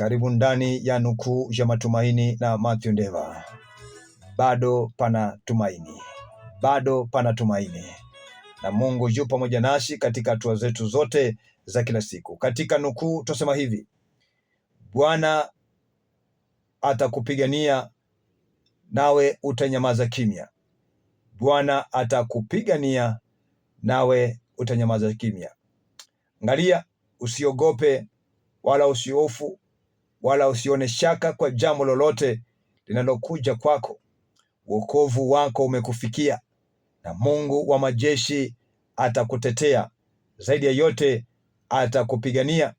Karibu ndani ya nukuu ya matumaini na Mathew Ndeva. Bado pana tumaini, bado pana tumaini, na Mungu yu pamoja nasi katika hatua zetu zote za kila siku. Katika nukuu tunasema hivi: Bwana atakupigania nawe utanyamaza kimya. Bwana atakupigania nawe utanyamaza kimya. Angalia, usiogope wala usiofu wala usione shaka kwa jambo lolote linalokuja kwako. Wokovu wako umekufikia na Mungu wa majeshi atakutetea. Zaidi ya yote, atakupigania.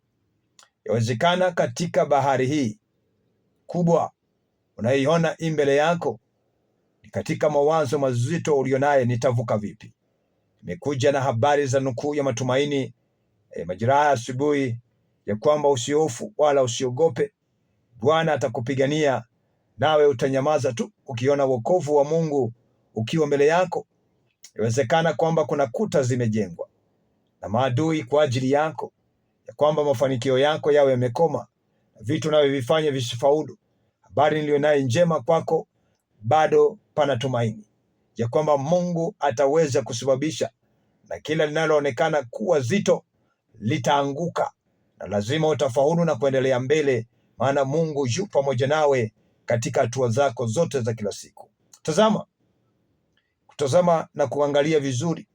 Yawezekana katika bahari hii kubwa unayoiona mbele yako ni katika mawazo mazito ulionaye, nitavuka vipi? Nimekuja na habari za nukuu ya matumaini. E, eh, majira ya asubuhi ya kwamba usihofu wala usiogope, Bwana atakupigania nawe utanyamaza tu. Ukiona wokovu wa Mungu ukiwa mbele yako, inawezekana kwamba kuna kuta zimejengwa na maadui kwa ajili yako, ya kwamba mafanikio yako yawe yamekoma, vitu unavyovifanya visifaulu. Habari niliyo naye njema kwako, bado pana tumaini ya kwamba Mungu ataweza kusababisha, na kila linaloonekana kuwa zito litaanguka na lazima utafaulu na kuendelea mbele, maana Mungu yu pamoja nawe katika hatua zako zote za kila siku. Tazama, kutazama na kuangalia vizuri,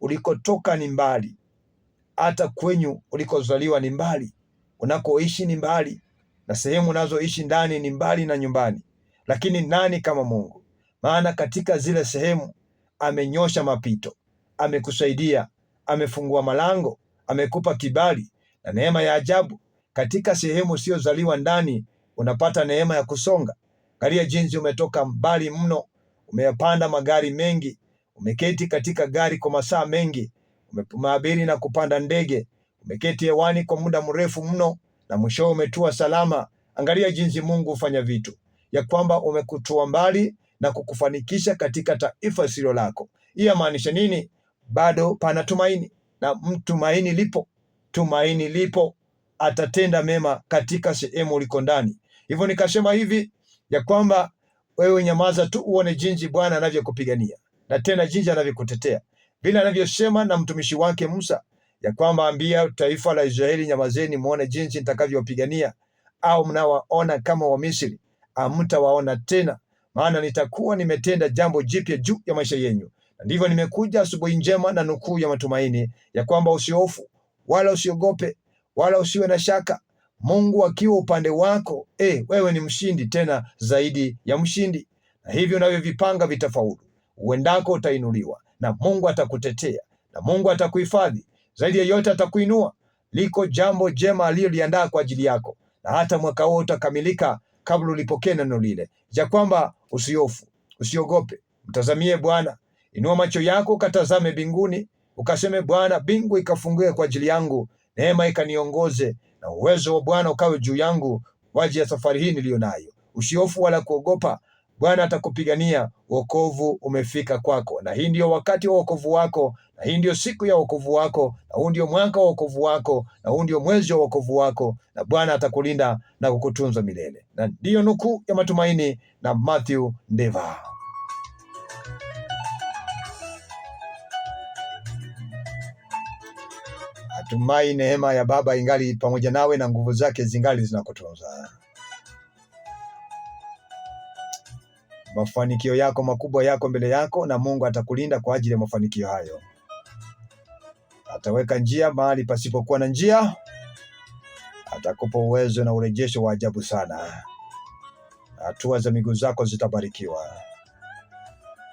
ulikotoka ni mbali, hata kwenyu ulikozaliwa ni mbali, unakoishi ni mbali, na sehemu unazoishi ndani ni mbali na nyumbani. Lakini nani kama Mungu? Maana katika zile sehemu amenyosha mapito, amekusaidia, amefungua malango, amekupa kibali, na neema ya ajabu katika sehemu usiyozaliwa ndani. Unapata neema ya kusonga. Angalia jinsi umetoka mbali mno, umeyapanda magari mengi, umeketi katika gari kwa masaa mengi, umeabiri na kupanda ndege, umeketi hewani kwa muda mrefu mno, na mwisho umetua salama. Angalia jinsi Mungu hufanya vitu ya kwamba umekutua mbali na kukufanikisha katika taifa silo lako. Hii yamaanisha nini? Bado pana tumaini, na mtumaini lipo tumaini lipo, atatenda mema katika sehemu uliko ndani. Hivyo nikasema hivi ya kwamba wewe nyamaza tu, uone jinsi Bwana anavyokupigania na tena jinsi anavyokutetea, vile anavyosema na mtumishi wake Musa ya kwamba ambia taifa la Israeli, nyamazeni muone jinsi nitakavyopigania, au mnawaona kama wa Misri, amtawaona tena, maana nitakuwa nimetenda jambo jipya juu ya maisha yenu. Ndivyo nimekuja asubuhi njema na nukuu ya matumaini ya kwamba usihofu, wala usiogope, wala usiwe na shaka. Mungu akiwa upande wako, eh, wewe ni mshindi, tena zaidi ya mshindi. Na hivyo unavyovipanga vitafaulu. Uendako utainuliwa na Mungu atakutetea na Mungu atakuhifadhi, zaidi ya yote atakuinua. Liko jambo jema aliyoliandaa kwa ajili yako, na hata mwaka huo utakamilika kabla ulipokea neno lile, ja kwamba usiofu usiogope, mtazamie Bwana. Inua macho yako katazame mbinguni, ukaseme, Bwana, bingu ikafungue kwa ajili yangu, neema ikaniongoze, na uwezo wa Bwana ukawe juu yangu kwa ajili ya safari hii niliyo nayo. Usihofu wala kuogopa, Bwana atakupigania, wokovu umefika kwako. Na hii ndiyo wakati wa wokovu wako, na hii ndiyo siku ya wokovu wako, na huu ndiyo mwaka wa wokovu wako, na huu ndiyo mwezi wa wokovu wako, na Bwana atakulinda na kukutunza milele. Na ndiyo nukuu ya matumaini na Matthew Ndeva. Natumai neema ya Baba ingali pamoja nawe na nguvu zake zingali zinakutunza. Mafanikio yako makubwa yako mbele yako, na Mungu atakulinda kwa ajili ya mafanikio hayo. Ataweka njia mahali pasipokuwa na njia, atakupa uwezo na urejesho wa ajabu sana. Hatua za miguu zako zitabarikiwa.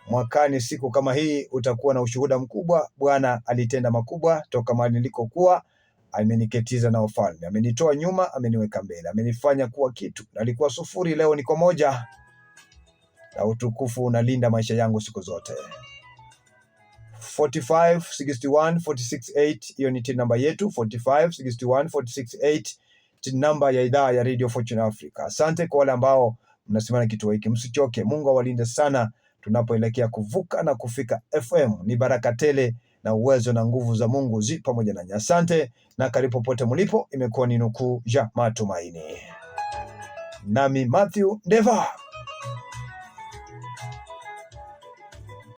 Mwakani siku kama hii utakuwa na ushuhuda mkubwa. Bwana alitenda makubwa toka mahali nilikokuwa, ameniketiza na ufalme, amenitoa nyuma, ameniweka mbele, amenifanya kuwa kitu. Nalikuwa sufuri, leo niko moja, na utukufu unalinda maisha yangu siku zote. 45 hiyo ni tin namba yetu 45 tin namba ya idhaa ya Radio Fortune Africa. Asante kwa wale ambao mnasimama kituo hiki, msichoke. Mungu awalinde sana tunapoelekea kuvuka na kufika FM. Ni baraka tele na uwezo na nguvu za Mungu zi pamoja nanyi. Asante na karibu popote mlipo. Imekuwa ni nukuu ya matumaini, nami Mathew Ndeva.